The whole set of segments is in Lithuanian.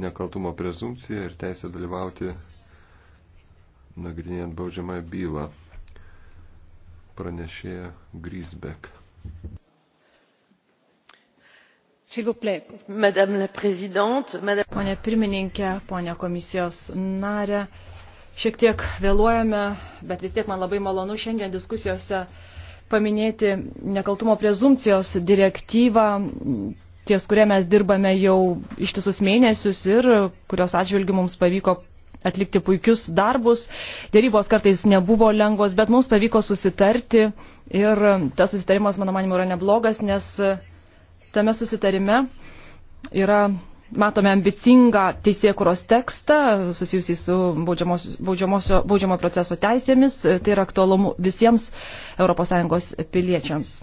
nekaltumo prezumciją ir teisę dalyvauti nagrinėjant baudžiamąją bylą. Pranešėja Grisbek. Pone pirmininkė, pone komisijos narė, šiek tiek vėluojame, bet vis tiek man labai malonu šiandien diskusijose paminėti nekaltumo prezumcijos direktyvą ties kuria mes dirbame jau ištisus mėnesius ir kurios atžvilgių mums pavyko atlikti puikius darbus. Dėrybos kartais nebuvo lengvos, bet mums pavyko susitarti ir tas susitarimas, mano manimu, yra neblogas, nes tame susitarime yra, matome, ambicingą teisėkuros tekstą susijusį su baudžiamos, baudžiamo proceso teisėmis. Tai yra aktualumu visiems ES piliečiams.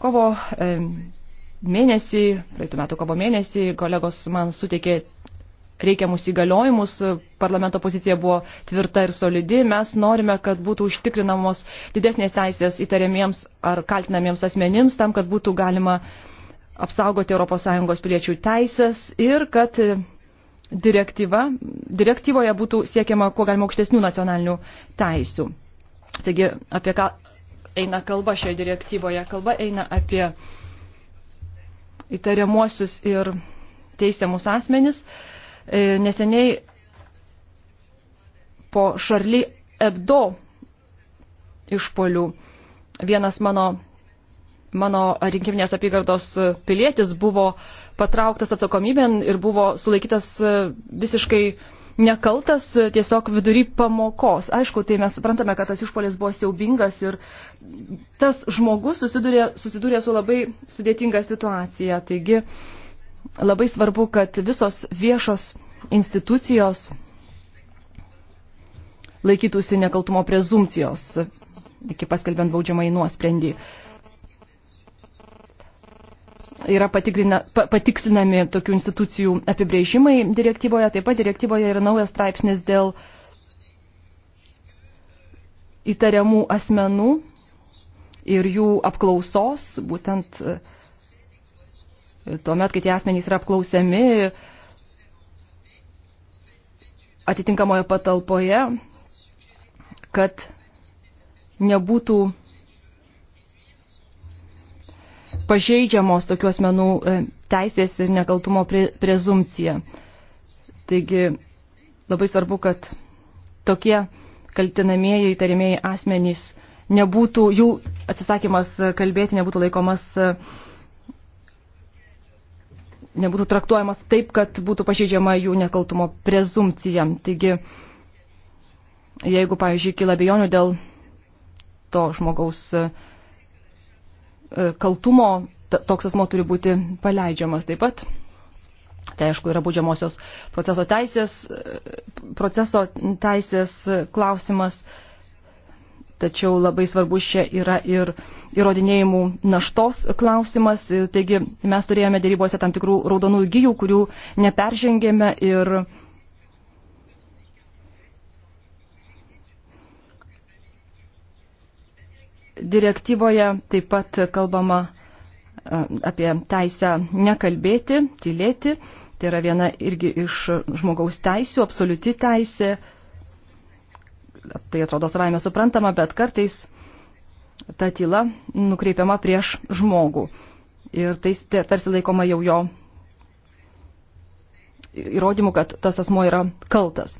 Kovo e, mėnesį, praeitų metų kovo mėnesį, kolegos man suteikė reikiamus įgaliojimus, parlamento pozicija buvo tvirta ir solidi, mes norime, kad būtų užtikrinamos didesnės teisės įtariamiems ar kaltinamiems asmenims, tam, kad būtų galima apsaugoti ES piliečių teisės ir kad direktyva, direktyvoje būtų siekiama kuo galima aukštesnių nacionalinių teisių. Taigi, apie ką eina kalba šioje direktyvoje? Kalba eina apie įtariamuosius ir teisiamus asmenis. E, neseniai po Šarly Ebdo išpolių vienas mano, mano rinkiminės apygardos pilietis buvo patrauktas atsakomybėn ir buvo sulaikytas e, visiškai nekaltas tiesiog vidury pamokos. Aišku, tai mes suprantame, kad tas išpolis buvo siaubingas ir tas žmogus susidūrė, susidūrė su labai sudėtinga situacija. Taigi labai svarbu, kad visos viešos institucijos laikytųsi nekaltumo prezumcijos iki paskelbiant baudžiamąjį nuosprendį. Uh, yra patiksinami tokių institucijų apibrėžimai direktyvoje, taip pat direktyvoje yra naujas straipsnis dėl įtariamų asmenų ir jų apklausos, būtent e, tuomet, kai tie asmenys yra apklausiami atitinkamoje patalpoje, kad nebūtų pažeidžiamos tokių asmenų e, teisės ir nekaltumo prezumcija. Taigi labai svarbu, kad tokie kaltinamieji, įtarimieji asmenys nebūtų, jų atsisakymas kalbėti nebūtų laikomas, e, nebūtų traktuojamas taip, kad būtų pažeidžiama jų nekaltumo prezumcija. Taigi, jeigu, pavyzdžiui, kyla bejonių dėl to žmogaus e, E, kaltumo toks asmo turi būti paleidžiamas taip pat. Tai aišku yra būdžiamosios proceso teisės, e, proceso teisės klausimas, tačiau labai svarbus čia yra ir įrodinėjimų naštos klausimas. Taigi mes turėjome dėrybose tam tikrų raudonų gyjų, kurių neperžengėme ir Direktyvoje taip pat kalbama e, apie teisę nekalbėti, tylėti. Tai yra viena irgi iš žmogaus teisių, absoliuti teisė. Tai atrodo savaime suprantama, bet kartais ta tyla nukreipiama prieš žmogų. Ir tai, tai tarsi laikoma jau jo įrodymų, kad tas asmo yra kaltas.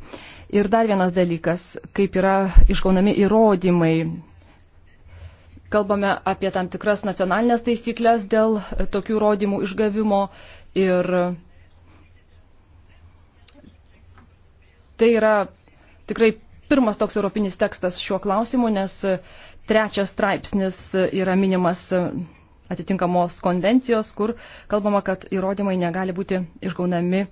Ir dar vienas dalykas, kaip yra iškaunami įrodymai kalbame apie tam tikras nacionalinės taisyklės dėl tokių įrodymų išgavimo ir tai yra tikrai pirmas toks europinis tekstas šiuo klausimu, nes trečias straipsnis yra minimas atitinkamos konvencijos, kur kalbama, kad įrodymai negali būti išgaunami e,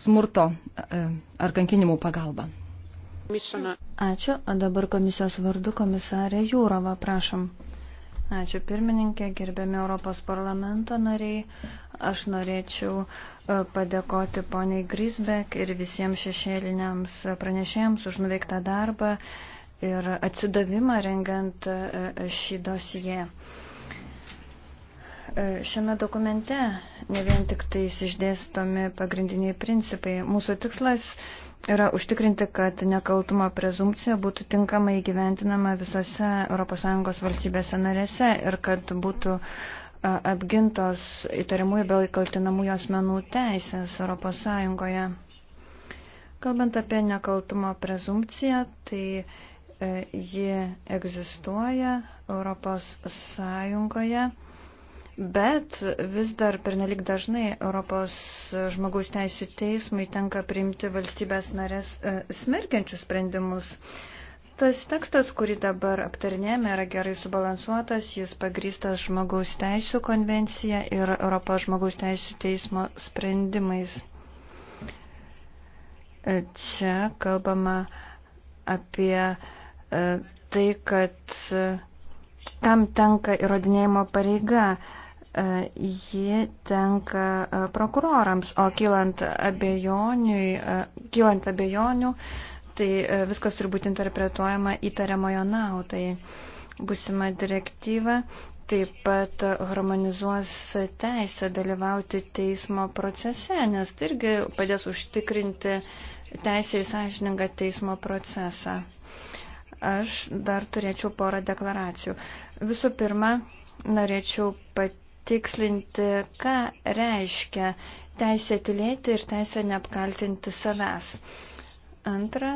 smurto e, ar kankinimų pagalba. Ačiū, o dabar komisijos vardu komisarė Jūrova, prašom. Ačiū pirmininkė, gerbiami Europos parlamento nariai. Aš norėčiau e, padėkoti poniai Grisbek ir visiems šešėliniams pranešėjams už nuveiktą darbą ir atsidavimą rengiant e, e, šį dosiją. Šiame dokumente ne vien tik tais išdėstomi pagrindiniai principai. Mūsų tikslas yra užtikrinti, kad nekaltumo prezumcija būtų tinkamai įgyventinama visose ES valstybėse narėse ir kad būtų apgintos įtariamųjų bei kaltinamųjų asmenų teisės ES. Kalbant apie nekaltumo prezumciją, tai e, ji egzistuoja ES Bet vis dar pernelik dažnai Europos žmogaus teisų teismui tenka priimti valstybės narės e, smerkiančius sprendimus. Tas tekstas, kurį dabar aptarnėme, yra gerai subalansuotas, jis pagrystas žmogaus teisų konvencija ir Europos žmogaus teisų teismo sprendimais. E, čia kalbama apie e, tai, kad tam tenka įrodinėjimo pareiga ji tenka e, prokurorams, o kylant, e, kylant abejonių, tai e, viskas turi būti interpretuojama įtariamojo naudai. Būsima direktyva taip pat harmonizuos teisę dalyvauti teismo procese, nes tai irgi padės užtikrinti teisę į sąžiningą teismo procesą. Aš dar turėčiau porą deklaracijų. Visų pirma, norėčiau pat patikslinti, ką reiškia teisė tylėti ir teisė neapkaltinti savęs. Antra,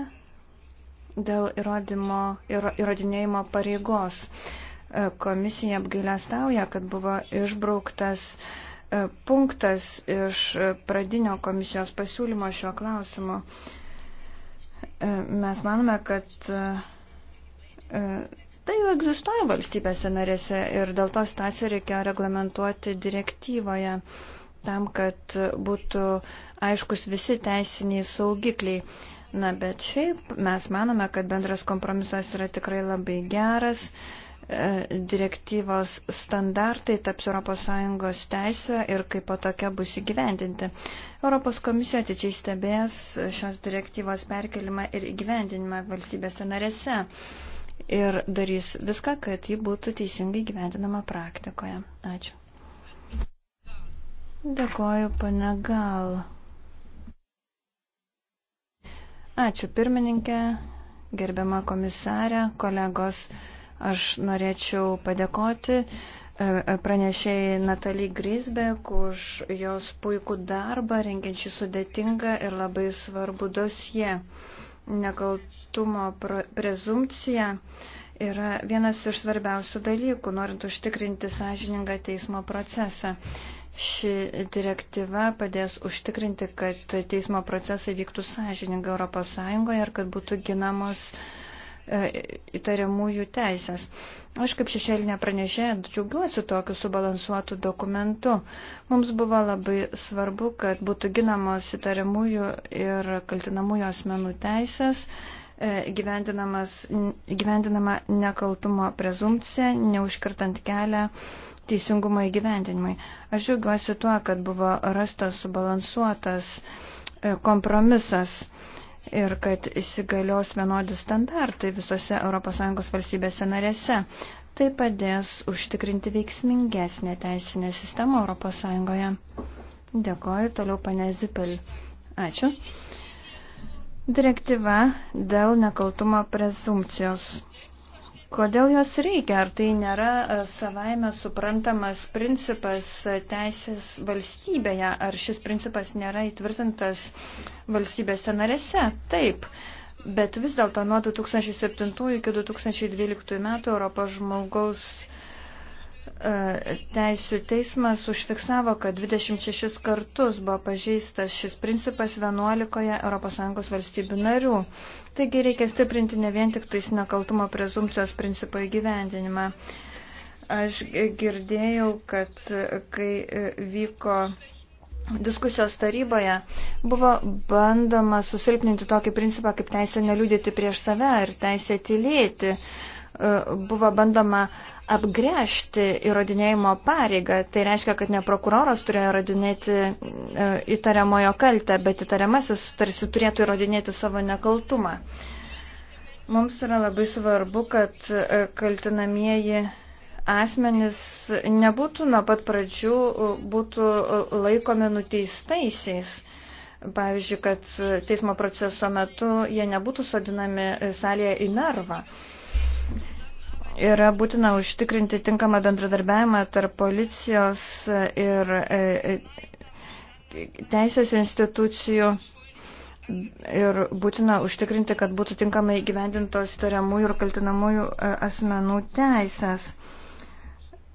dėl įrodymo, įrodinėjimo pareigos. E, komisija apgailestauja, kad buvo išbrauktas e, punktas iš pradinio komisijos pasiūlymo šiuo klausimu. E, mes manome, kad Tai jau egzistuoja valstybėse narėse ir dėl to situaciją reikėjo reglamentuoti direktyvoje tam, kad būtų aiškus visi teisiniai saugikliai. Na, bet šiaip mes manome, kad bendras kompromisas yra tikrai labai geras. E, direktyvos standartai taps ES teisė ir kaip po tokia bus įgyvendinti. Europos komisija atidžiai stebės šios direktyvos perkelimą ir įgyvendinimą valstybėse narėse ir darys viską, kad ji būtų teisingai gyvendinama praktikoje. Ačiū. Dėkoju, pane Gal. Ačiū pirmininkė, gerbiama komisarė, kolegos. Aš norėčiau padėkoti e, e, pranešėjai Natalie Grisbek už jos puikų darbą rengiant šį sudėtingą ir labai svarbų dosiją nekaltumo prezumcija yra vienas iš svarbiausių dalykų, norint užtikrinti sąžiningą teismo procesą. Ši direktyva padės užtikrinti, kad teismo procesai vyktų sąžiningai ES ir kad būtų ginamos uh, E, įtariamųjų teisės. Aš kaip šešėlinė pranešė džiaugiuosi tokiu subalansuotu dokumentu. Mums buvo labai svarbu, kad būtų ginamos įtariamųjų ir kaltinamųjų asmenų teisės, e, gyvendinama nekaltumo prezumcija, neužkirtant kelią teisingumo įgyvendinimui. Aš džiaugiuosi tuo, kad buvo rastas subalansuotas e, kompromisas ir kad įsigalios vienodi standartai visose ES valstybėse narėse. Tai padės užtikrinti veiksmingesnę teisinę sistemą ES. Dėkoju, toliau pane Zipel. Ačiū. Direktyva dėl nekaltumo prezumcijos. Kodėl jos reikia? Ar tai nėra e, savaime suprantamas principas e, teisės valstybėje? Ar šis principas nėra įtvirtintas valstybėse narėse? Taip. Bet vis dėlto nuo 2007 iki 2012 metų Europos žmogaus E, teisų teismas užfiksavo, kad 26 kartus buvo pažeistas šis principas 11 ES valstybių narių. Taigi reikia stiprinti ne vien tik tais nekaltumo prezumcijos principo įgyvendinimą. Aš girdėjau, kad kai vyko diskusijos taryboje, buvo bandoma susilpninti tokį principą kaip teisė neliūdėti prieš save ir teisė tylėti. Uh, E, buvo bandoma apgręžti įrodinėjimo pareigą. Tai reiškia, kad ne prokuroras turėjo įrodinėti e, įtariamojo kaltę, bet įtariamasis tarsi turėtų įrodinėti savo nekaltumą. Mums yra labai svarbu, kad e, kaltinamieji asmenys nebūtų nuo pat pradžių būtų laikomi nuteistaisiais. Pavyzdžiui, kad teismo proceso metu jie nebūtų sodinami salėje į nervą. Uh, yra būtina užtikrinti tinkamą bendradarbiavimą tarp policijos ir e, e, teisės institucijų ir būtina užtikrinti, kad būtų tinkamai gyvendintos tariamųjų ir kaltinamųjų e, asmenų teisės.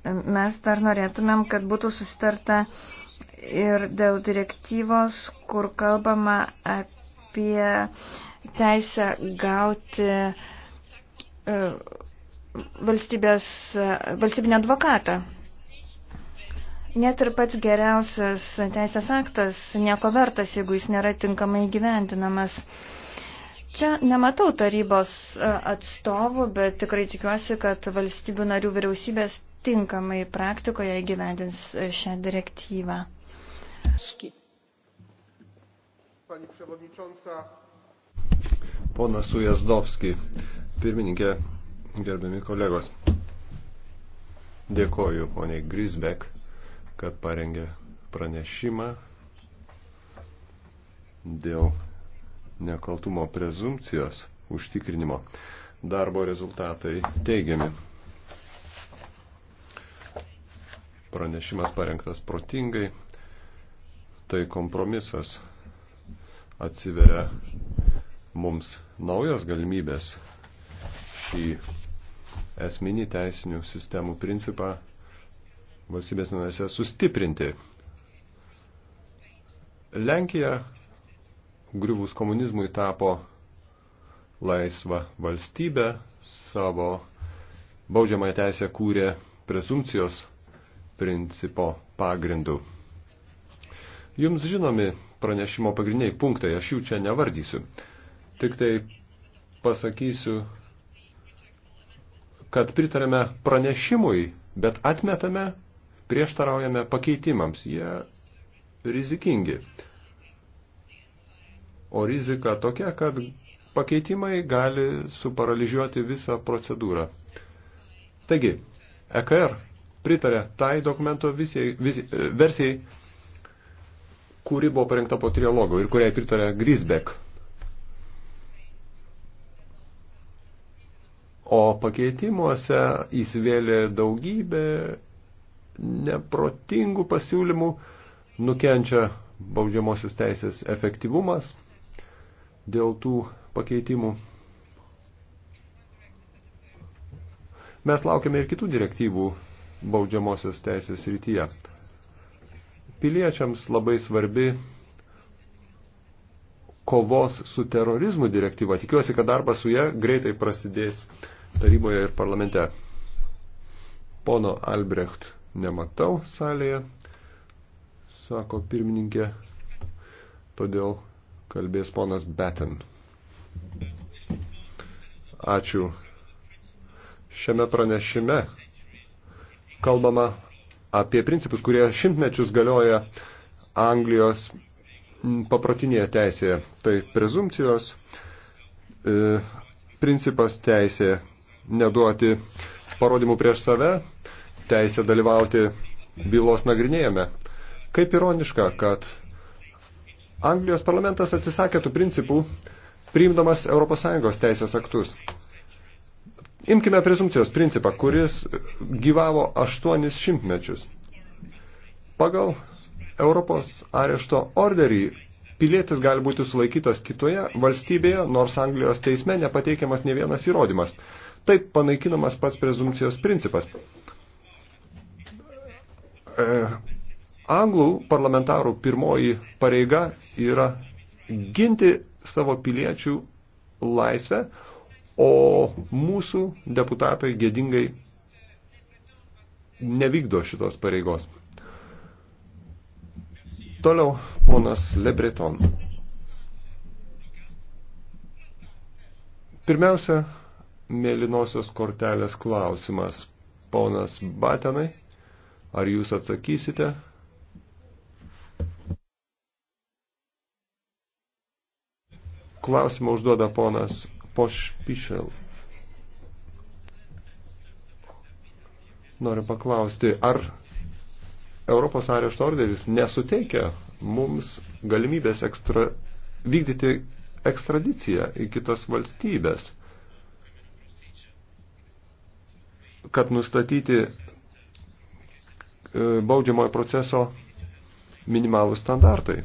Mes dar norėtumėm, kad būtų sustarta ir dėl direktyvos, kur kalbama apie teisę gauti valstybės, valstybinį advokatą. Net ir pats geriausias teisės aktas nieko vertas, jeigu jis nėra tinkamai gyventinamas. Čia nematau tarybos e, atstovų, bet tikrai tikiuosi, kad valstybių narių vyriausybės tinkamai praktikoje įgyvendins e, šią direktyvą. Pani Przewodnicząca. Ponas Ujazdowski, pirmininkė, gerbiami kolegos. Dėkoju poniai Grisbek, kad parengė pranešimą dėl nekaltumo prezumcijos užtikrinimo. Darbo rezultatai teigiami. Pranešimas parengtas protingai, tai kompromisas atsiveria mums naujos galimybės šį esminį teisinių sistemų principą valstybės narėse sustiprinti. Lenkija griuvus komunizmui tapo laisvą valstybę, savo baudžiamąją teisę kūrė prezumpcijos principo pagrindu. Jums žinomi pranešimo pagrindiniai punktai, aš jų čia nevardysiu. Tik tai pasakysiu kad pritarėme pranešimui, bet atmetame, prieštaraujame pakeitimams. Jie rizikingi. O rizika tokia, kad pakeitimai gali suparalyžiuoti visą procedūrą. Taigi, EKR pritarė tai dokumento visiai, vis, versijai, kuri buvo parengta po trialogo ir kuriai pritarė Grisbek. O pakeitimuose įsivėlė daugybė neprotingų pasiūlymų, nukenčia baudžiamosios teisės efektyvumas dėl tų pakeitimų. Mes laukiame ir kitų direktyvų baudžiamosios teisės rytyje. Piliečiams labai svarbi kovos su terorizmu direktyva. Tikiuosi, kad darbas su ją greitai prasidės taryboje ir parlamente. Pono Albrecht nematau salėje, sako pirmininkė, todėl kalbės ponas Batten. Ačiū. Šiame pranešime kalbama apie principus, kurie šimtmečius galioja Anglijos paprotinėje teisėje. Tai prezumcijos e, principas teisėje neduoti parodymų prieš save, teisė dalyvauti bylos nagrinėjame. Kaip ironiška, kad Anglijos parlamentas atsisakė tų principų, priimdamas ES teisės aktus. Imkime prezumcijos principą, kuris gyvavo 8 šimtmečius. Pagal Europos arešto orderį pilietis gali būti sulaikytas kitoje valstybėje, nors Anglijos teisme nepateikiamas ne vienas įrodymas. Taip panaikinamas pats prezumcijos principas. E, anglų parlamentarų pirmoji pareiga yra ginti savo piliečių laisvę, o mūsų deputatai gėdingai nevykdo šitos pareigos. Toliau ponas Lebreton. Pirmiausia, mėlynosios kortelės klausimas. Ponas Batenai, ar jūs atsakysite? Klausimą užduoda ponas Pošpišel. Noriu paklausti, ar Europos arešto orderis nesuteikia mums galimybės ekstra, vykdyti ekstradiciją į kitas valstybės? kad nustatyti e, baudžiamojo proceso minimalų standartai.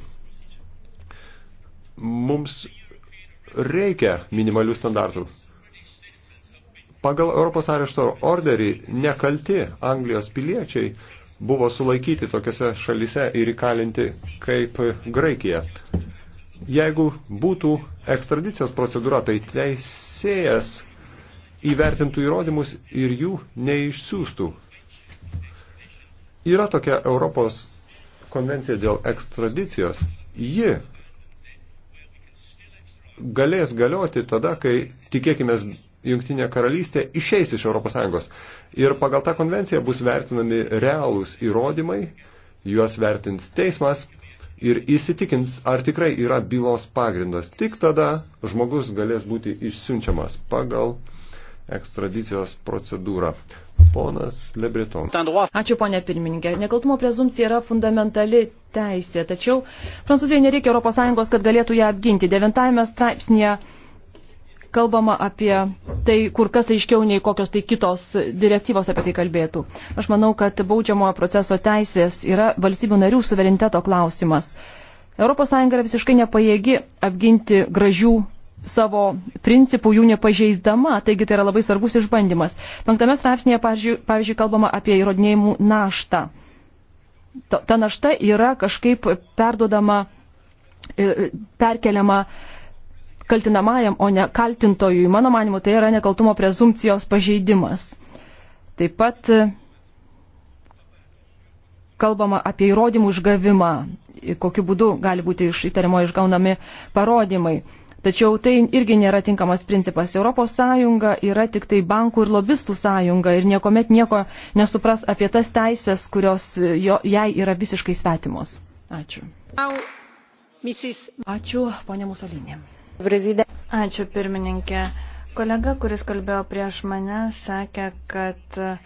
Mums reikia minimalių standartų. Pagal Europos arešto orderį nekalti Anglijos piliečiai buvo sulaikyti tokiose šalise ir įkalinti kaip Graikija. Jeigu būtų ekstradicijos procedūra, tai teisėjas įvertintų įrodymus ir jų neišsiųstų. Yra tokia Europos konvencija dėl ekstradicijos. Ji galės galioti tada, kai, tikėkime, Jungtinė karalystė išeis iš ES. Ir pagal tą konvenciją bus vertinami realūs įrodymai, juos vertins teismas ir įsitikins, ar tikrai yra bylos pagrindas. Tik tada žmogus galės būti išsiunčiamas pagal ekstradicijos procedūrą. Ponas Lebreton. Ačiū, ponė pirmininkė. Nekaltumo prezumcija yra fundamentali teisė, tačiau Prancūzijai nereikia ES, kad galėtų ją apginti. Devintajame straipsnėje kalbama apie tai kur kas aiškiau nei kokios tai kitos direktyvos apie tai kalbėtų. Aš manau, kad baudžiamojo proceso teisės yra valstybių narių suvereniteto klausimas. ES yra visiškai nepajėgi apginti gražių savo principų jų nepažeisdama, taigi tai yra labai svarbus išbandymas. Penktame straipsnėje, pavyzdžiui, pavyzdžiui, kalbama apie įrodinėjimų naštą. Ta, ta našta yra kažkaip perdodama, e, perkeliama kaltinamajam, o ne kaltintojui. Mano manimu, tai yra nekaltumo prezumcijos pažeidimas. Taip pat e, kalbama apie įrodymų išgavimą, kokiu būdu gali būti iš įtarimo išgaunami parodymai. Tačiau tai irgi nėra tinkamas principas. Europos Sąjunga yra tik tai bankų ir lobistų sąjunga ir niekuomet nieko nesupras apie tas teisės, kurios jo, jai yra visiškai svetimos. Ačiū. Ačiū, ponė Musolinė. Ačiū, pirmininkė. Kolega, kuris kalbėjo prieš mane, sakė, kad uh,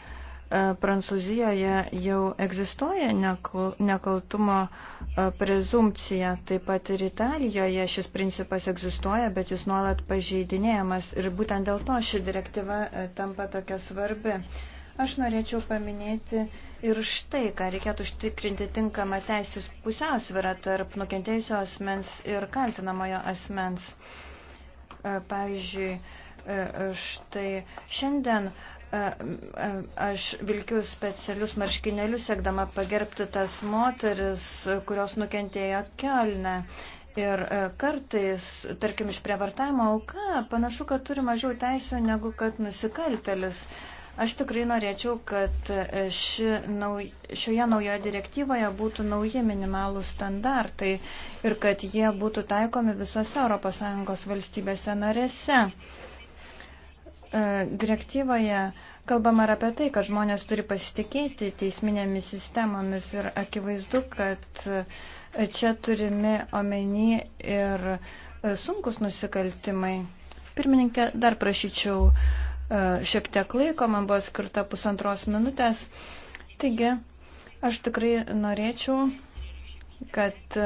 E, Prancūzijoje jau egzistuoja nekaltumo e, prezumcija, taip pat ir Italijoje šis principas egzistuoja, bet jis nuolat pažeidinėjamas ir būtent dėl to ši direktyva e, tampa tokia svarbi. Aš norėčiau paminėti ir štai, ką reikėtų užtikrinti tinkamą teisės pusiausvyrą tarp nukentėjusio asmens ir kaltinamojo asmens. Pavyzdžiui, štai šiandien uh, aš vilkiu specialius marškinėlius, siekdama pagerbti tas moteris, kurios nukentėjo kelne. Ir e, kartais, tarkim, iš prievartavimo auka panašu, kad turi mažiau teisų negu kad nusikaltelis. Aš tikrai norėčiau, kad e, ši, nau, šioje naujoje direktyvoje būtų nauji minimalų standartai ir kad jie būtų taikomi visose ES valstybėse narėse. E, direktyvoje kalbama ir apie tai, kad žmonės turi pasitikėti teisminėmis sistemomis ir akivaizdu, kad e, čia turimi omeny ir e, sunkus nusikaltimai. Pirmininkė, dar prašyčiau šiek tiek laiko, man buvo skirta pusantros minutės. Taigi, aš tikrai norėčiau, kad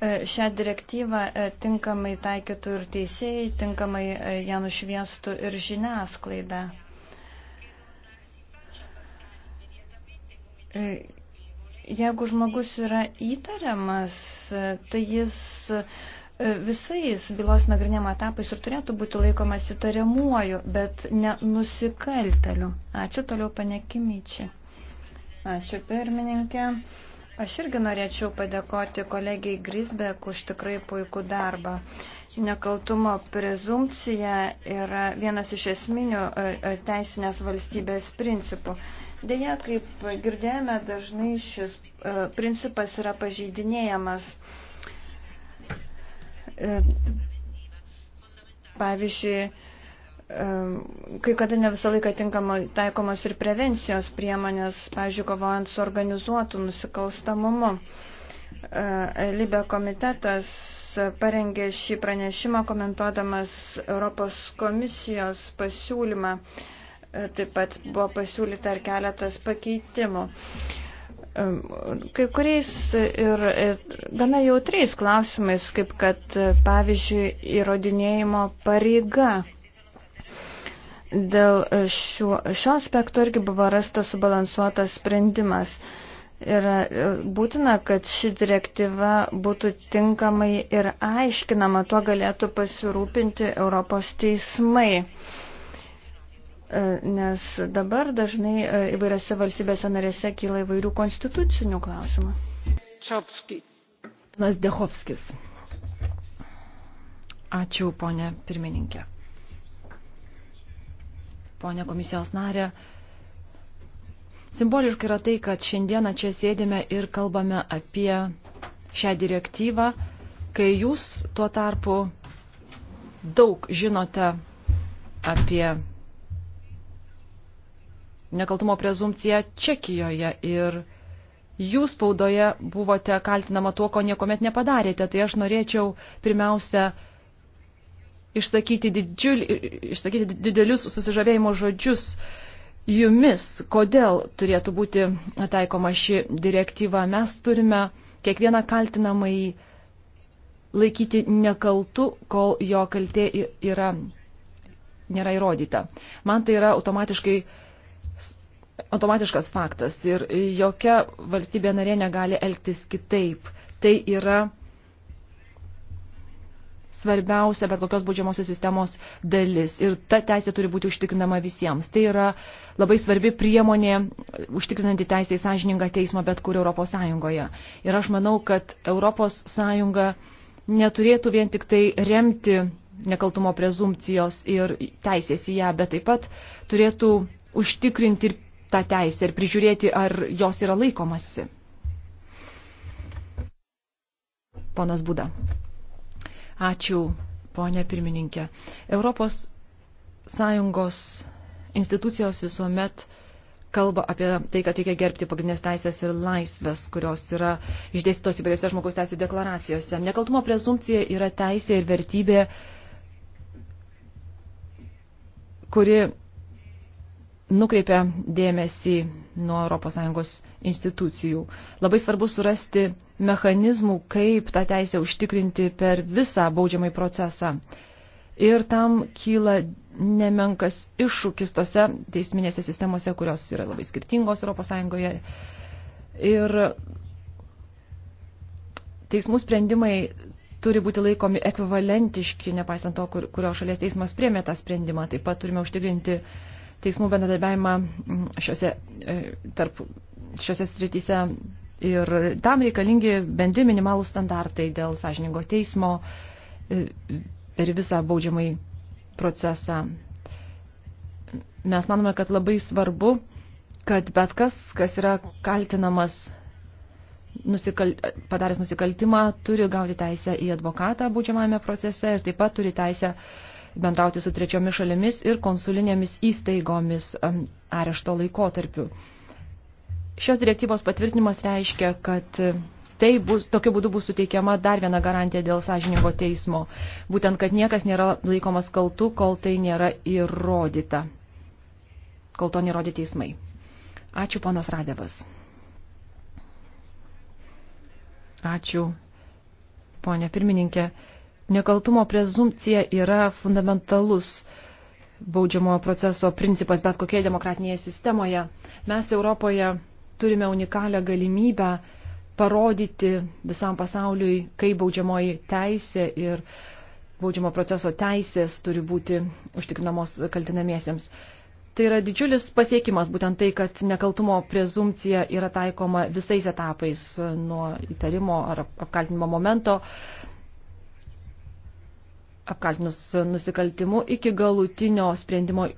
E, šią direktyvą e, tinkamai taikytų ir teisėjai, tinkamai e, ją nušviestų ir žiniasklaida. Jeigu žmogus yra įtariamas, tai jis visais bylos nagrinėjimo etapais ir turėtų būti laikomas įtariamuoju, bet ne nusikalteliu. Ačiū toliau panekimyčiai. Ačiū pirmininkė. Aš irgi norėčiau padėkoti kolegijai Grisbek už tikrai puikų darbą. Nekaltumo prezumcija yra vienas iš esminių e, e, teisinės valstybės principų. Deja, kaip girdėjome, dažnai šis e, principas yra pažeidinėjamas. Pavyzdžiui, kai kada ne visą laiką tinkama taikomos ir prevencijos priemonės, pavyzdžiui, kovojant su organizuotu nusikalstamumu. Libė komitetas parengė šį pranešimą komentuodamas Europos komisijos pasiūlymą. E, taip pat buvo pasiūlyta ir keletas pakeitimų. Kai kuriais ir gana jautriais klausimais, kaip kad pavyzdžiui įrodinėjimo pareiga Dėl šio, šio aspekto irgi buvo rastas subalansuotas sprendimas. Ir e, būtina, kad ši direktyva būtų tinkamai ir aiškinama, tuo galėtų pasirūpinti Europos teismai e, nes dabar dažnai e, įvairiose valstybėse narėse kyla įvairių konstitucinių klausimų. Čopski. Nas Dehovskis. Ačiū, ponė pirmininkė ponė komisijos narė. Simboliškai yra tai, kad šiandieną čia sėdime ir kalbame apie šią direktyvą, kai jūs tuo tarpu daug žinote apie nekaltumo prezumciją Čekijoje ir jūs spaudoje buvote kaltinama tuo, ko niekuomet nepadarėte. Tai aš norėčiau pirmiausia išsakyti, didžiul, išsakyti didelius susižavėjimo žodžius jumis, kodėl turėtų būti taikoma ši direktyva. Mes turime kiekvieną kaltinamąjį laikyti nekaltu, kol jo kaltė yra, nėra įrodyta. Man tai yra automatiškai automatiškas faktas ir jokia valstybė narė negali elgtis kitaip. Tai yra svarbiausia bet kokios baudžiamosios sistemos dalis ir ta teisė turi būti užtikrinama visiems. Tai yra labai svarbi priemonė uh, užtikrinanti teisę į sąžiningą teismą bet kur Europos Sąjungoje. Ir aš manau, kad Europos Sąjunga neturėtų vien tik tai remti nekaltumo prezumcijos ir teisės į ją, bet taip pat turėtų užtikrinti ir tą teisę ir prižiūrėti, ar jos yra laikomasi. Ponas Būda. Ačiū, ponė pirmininkė. Europos Sąjungos institucijos visuomet kalba apie tai, kad reikia gerbti pagrindinės teisės ir laisvės, kurios yra išdėstytos įvairiose žmogaus teisų deklaracijose. Nekaltumo prezumcija yra teisė ir vertybė, kuri nukreipia dėmesį nuo ES institucijų. Labai svarbu surasti mechanizmų, kaip tą teisę užtikrinti per visą baudžiamąjį procesą. Ir tam kyla nemenkas iššūkis tose teisminėse sistemose, kurios yra labai skirtingos ES. Ir teismų sprendimai turi būti laikomi ekvivalentiški, nepaisant to, kur, kurio šalies teismas priemė tą sprendimą. Taip pat turime užtikrinti uh, teismų bendradarbiavimą šiuose, e, tarp, šiuose srityse. Ir tam reikalingi bendri minimalų standartai dėl sąžiningo teismo e, per visą baudžiamai procesą. Mes manome, kad labai svarbu, kad bet kas, kas yra kaltinamas nusikal... padaręs nusikaltimą, turi gauti teisę į advokatą baudžiamame procese ir taip pat turi teisę uh, bendrauti su trečiomis šalimis ir konsulinėmis įstaigomis um, arešto laikotarpiu. Šios direktyvos patvirtinimas reiškia, kad uh, tai bus, tokiu būdu bus suteikiama dar viena garantija dėl sąžiningo teismo, būtent, kad niekas nėra laikomas kaltu, kol tai nėra įrodyta, kol to nerodė teismai. Ačiū, ponas Radevas. Ačiū, ponė pirmininkė. Nekaltumo prezumcija yra fundamentalus baudžiamojo proceso principas bet kokioje demokratinėje sistemoje. Mes Europoje turime unikalią galimybę parodyti visam pasauliui, kaip baudžiamoji teisė ir baudžiamo proceso teisės turi būti užtikrinamos kaltinamiesiems. Tai yra didžiulis pasiekimas, būtent tai, kad nekaltumo prezumcija yra taikoma visais etapais nuo įtarimo ar apkaltinimo momento apkaltinus nusikaltimu iki galutinio sprendimo,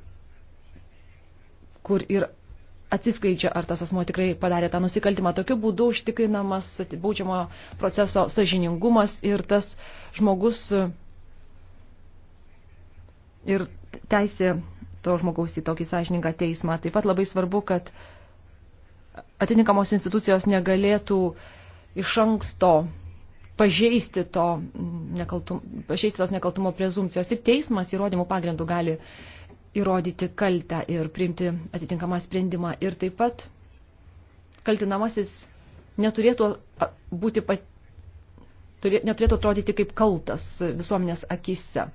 kur ir atsiskleidžia, ar tas asmo tikrai padarė tą nusikaltimą. Tokiu būdu užtikrinamas baudžiamo proceso sažiningumas ir tas žmogus ir teisė to žmogaus į tokį sąžiningą teismą. Taip pat labai svarbu, kad atitinkamos institucijos negalėtų iš anksto pažeisti, to nekaltum, pažeisti tos nekaltumo prezumcijos. Tik teismas įrodymų pagrindų gali įrodyti kaltę ir priimti atitinkamą sprendimą. Ir taip pat kaltinamasis neturėtų būti pat, turė, neturėtų atrodyti kaip kaltas visuomenės akise.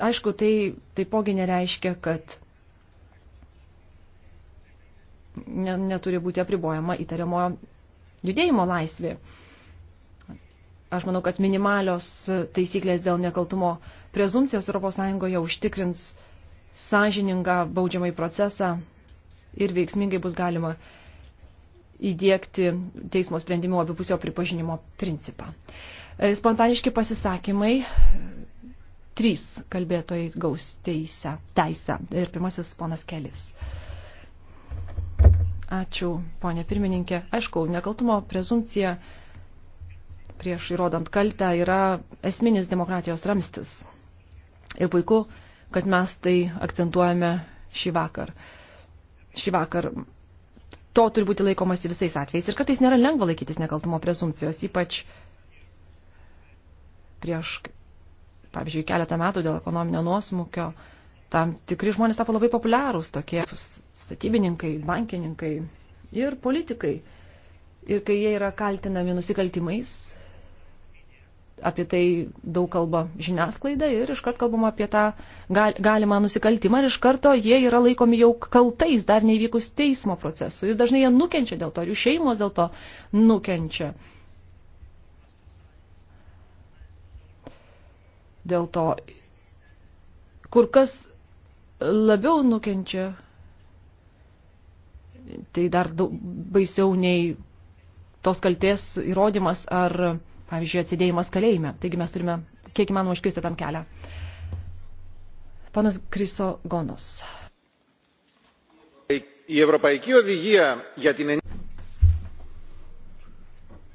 Aišku, tai taipogi nereiškia, kad ne, neturi būti apribojama įtariamo judėjimo laisvė. Aš manau, kad minimalios taisyklės dėl nekaltumo prezumcijos ES užtikrins sąžiningą baudžiamąjį procesą ir veiksmingai bus galima įdėkti teismo sprendimų abipusio pripažinimo principą. E, spontaniški pasisakymai. Trys kalbėtojai gaus teisę. teisę. Ir pirmasis ponas Kelis. Ačiū, ponė pirmininkė. Aišku, nekaltumo prezumcija prieš įrodant kaltę yra esminis demokratijos ramstis. Ir puiku, kad mes tai akcentuojame šį vakar. Šį vakar to turi būti laikomasi visais atvejais. Ir kartais nėra lengva laikytis nekaltumo prezumpcijos, ypač prieš, pavyzdžiui, keletą metų dėl ekonominio nuosmukio. Tam tikri žmonės tapo labai populiarūs, tokie statybininkai, bankininkai ir politikai. Ir kai jie yra kaltinami nusikaltimais, apie tai daug kalba žiniasklaida ir iškart kalbama apie tą galimą nusikaltimą ir iš karto jie yra laikomi jau kaltais, dar neįvykus teismo procesui. Ir dažnai jie nukenčia dėl to, jų šeimos dėl to nukenčia. Dėl to kur kas labiau nukenčia, tai dar daug, baisiau nei tos kalties įrodymas ar pavyzdžiui, atsidėjimas kalėjime. Taigi mes turime, kiek įmanoma, užkirsti tam kelią. Panas Kriso Gonos.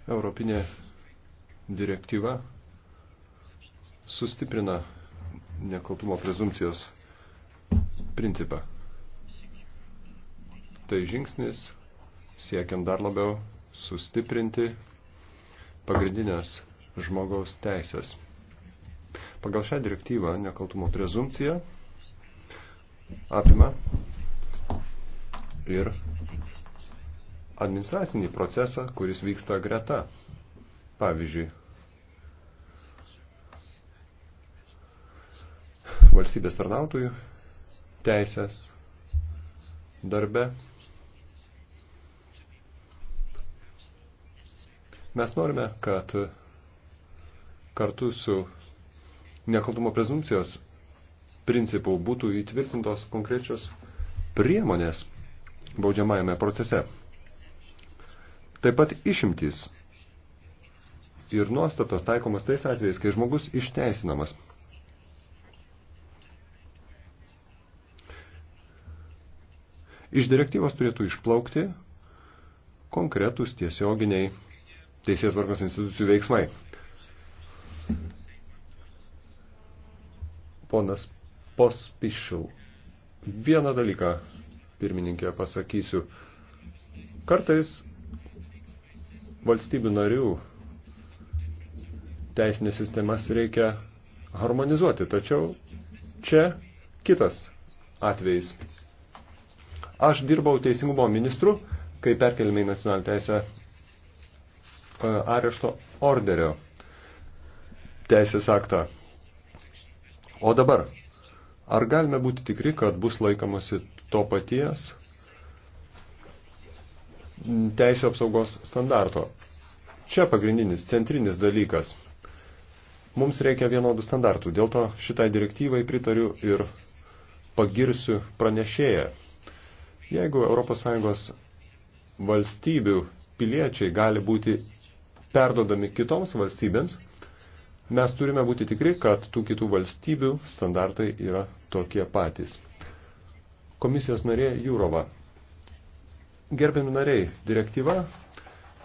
Europinė direktyva sustiprina nekaltumo prezumcijos principą. Tai žingsnis siekiant dar labiau sustiprinti pagrindinės žmogaus teisės. Pagal šią direktyvą nekaltumo prezumcija apima ir administracinį procesą, kuris vyksta greta. Pavyzdžiui, valstybės tarnautojų teisės darbe Mes norime, kad kartu su nekaltumo prezumcijos principų būtų įtvirtintos konkrečios priemonės baudžiamajame procese. Taip pat išimtys ir nuostatos taikomas tais atvejais, kai žmogus išteisinamas. Iš direktyvos turėtų išplaukti konkretus tiesioginiai teisės tvarkos institucijų veiksmai. Ponas Pospišil. Vieną dalyką, pirmininkė, pasakysiu. Kartais valstybių narių teisinės sistemas reikia harmonizuoti, tačiau čia kitas atvejis. Aš dirbau teisingumo ministru, kai perkelime į nacionalinę teisę E, arešto orderio teisės aktą. O dabar, ar galime būti tikri, kad bus laikomasi to paties teisų apsaugos standarto? Čia pagrindinis, centrinis dalykas. Mums reikia vienodų standartų, dėl to šitai direktyvai pritariu ir pagirsiu pranešėją. Jeigu ES valstybių piliečiai gali būti perdodami kitoms valstybėms, mes turime būti tikri, kad tų kitų valstybių standartai yra tokie patys. Komisijos narė Jūrova. Gerbiami nariai, direktyva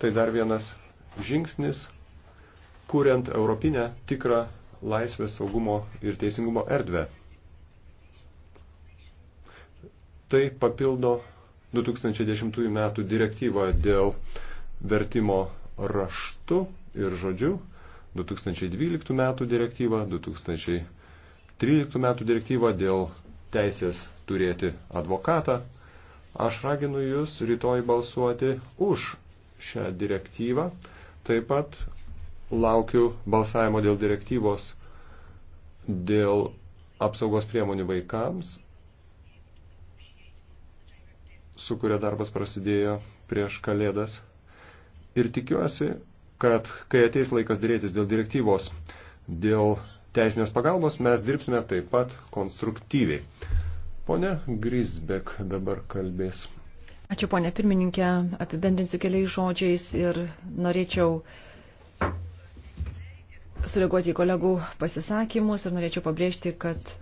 tai dar vienas žingsnis, kuriant europinę tikrą laisvės saugumo ir teisingumo erdvę. Tai papildo 2010 metų direktyvą dėl vertimo raštu ir žodžiu 2012 metų direktyvą, 2013 metų direktyvą dėl teisės turėti advokatą. Aš raginu Jūs rytoj balsuoti už šią direktyvą. Taip pat laukiu balsavimo dėl direktyvos dėl apsaugos priemonių vaikams, su kuria darbas prasidėjo prieš kalėdas ir tikiuosi, kad kai ateis laikas dėrėtis dėl direktyvos, dėl teisinės pagalbos, mes dirbsime taip pat konstruktyviai. Pone Grisbek dabar kalbės. Ačiū, ponė pirmininkė, apibendrinsiu keliais žodžiais ir norėčiau sureaguoti į kolegų pasisakymus ir norėčiau pabrėžti, kad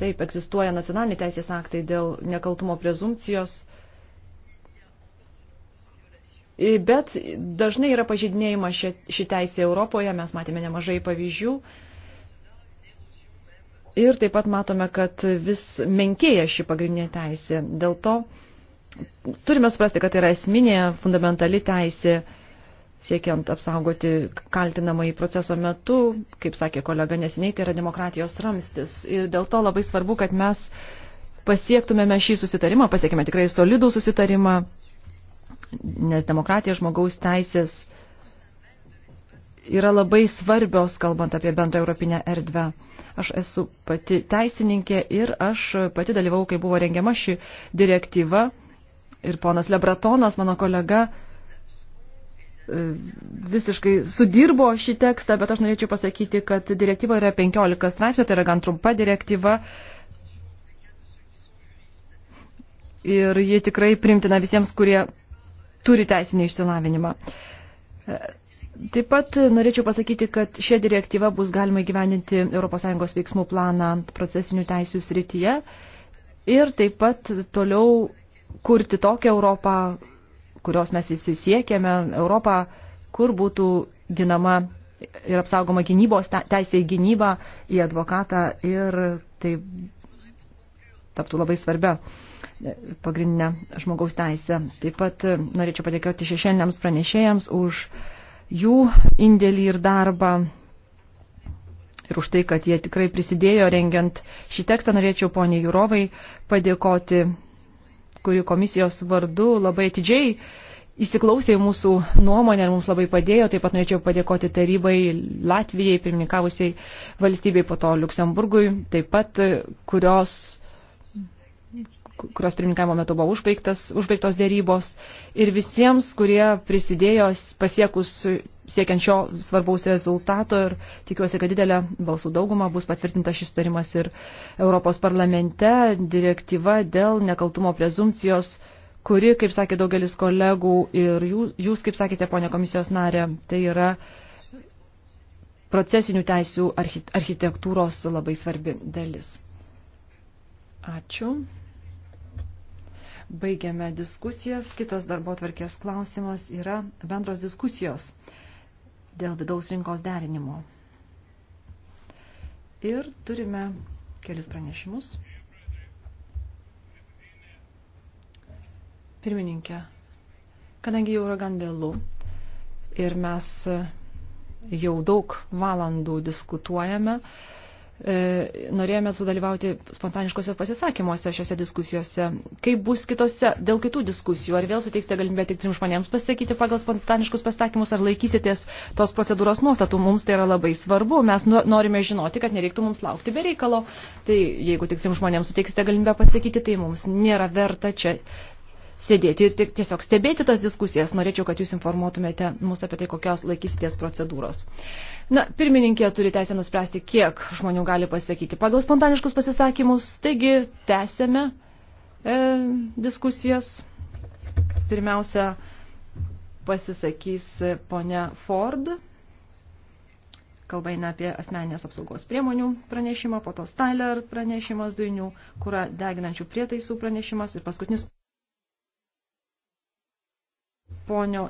taip egzistuoja nacionaliniai teisės aktai dėl nekaltumo prezumcijos Bet dažnai yra pažydinėjama ši, ši teisė Europoje, mes matėme nemažai pavyzdžių. Ir taip pat matome, kad vis menkėja ši pagrindinė teisė. Dėl to turime suprasti, kad tai yra esminė fundamentali teisė siekiant apsaugoti kaltinamą į proceso metu, kaip sakė kolega nesiniai, tai yra demokratijos ramstis. Ir dėl to labai svarbu, kad mes pasiektumėme šį susitarimą, pasiekime tikrai solidų susitarimą, nes demokratija žmogaus teisės yra labai svarbios, kalbant apie bendrą europinę erdvę. Aš esu pati teisininkė ir aš pati dalyvau, kai buvo rengiama ši direktyva. Ir ponas Lebratonas, mano kolega, e, visiškai sudirbo šį tekstą, bet aš norėčiau pasakyti, kad direktyva yra 15 straipsnių, tai yra gan trumpa direktyva. Ir ji tikrai primtina visiems, kurie turi teisinį išsilavinimą. Taip pat norėčiau pasakyti, kad šią direktyvą bus galima įgyveninti ES veiksmų planą procesinių teisių srityje ir taip pat toliau kurti tokią Europą, kurios mes visi siekiame, Europą, kur būtų ginama ir apsaugoma gynybos teisė į gynybą, į advokatą ir tai taptų labai svarbia pagrindinę žmogaus teisę. Taip pat e, norėčiau padėkoti šešieniams pranešėjams už jų indėlį ir darbą ir už tai, kad jie tikrai prisidėjo rengiant šį tekstą. Norėčiau poniai Jurovai padėkoti, kuri komisijos vardu labai atidžiai įsiklausė į mūsų nuomonę ir mums labai padėjo. Taip pat norėčiau padėkoti tarybai Latvijai, pirmininkavusiai valstybei, po to Luksemburgui, taip pat e, kurios kurios pirmininkavimo metu buvo užbaigtos dėrybos ir visiems, kurie prisidėjo pasiekus siekiant šio svarbaus rezultato ir tikiuosi, kad didelė balsų dauguma bus patvirtinta šis tarimas ir Europos parlamente direktyva dėl nekaltumo prezumcijos kuri, kaip sakė daugelis kolegų ir jūs, jūs kaip sakėte, ponė komisijos narė, tai yra procesinių teisių architektūros labai svarbi dalis. Ačiū. Baigiame diskusijas. Kitas darbo tvarkės klausimas yra bendros diskusijos dėl vidaus rinkos derinimo. Ir turime kelis pranešimus. Pirmininkė, kadangi jau yra gan vėlų ir mes jau daug valandų diskutuojame, E, norėjome sudalyvauti spontaniškose pasisakymuose šiose diskusijose. Kaip bus kitose, dėl kitų diskusijų, ar vėl suteiksite galimybę tik trim žmonėms pasisakyti pagal spontaniškus pasakymus, ar laikysitės tos procedūros nuostatų, mums tai yra labai svarbu, mes nu, norime žinoti, kad nereiktų mums laukti be reikalo. Tai jeigu tik trim žmonėms suteiksite galimybę pasisakyti, tai mums nėra verta čia sėdėti ir tiesiog stebėti tas diskusijas. Norėčiau, kad jūs informuotumėte mus apie tai, kokios laikysitės procedūros. Na, pirmininkė turi teisę nuspręsti, kiek žmonių gali pasakyti pagal spontaniškus pasisakymus. Taigi, tęsėme e, diskusijas. Pirmiausia, pasisakys ponia Ford kalba eina apie asmeninės apsaugos priemonių pranešimą, po to Styler pranešimas dujinių, kurą deginančių prietaisų pranešimas ir paskutinis ponio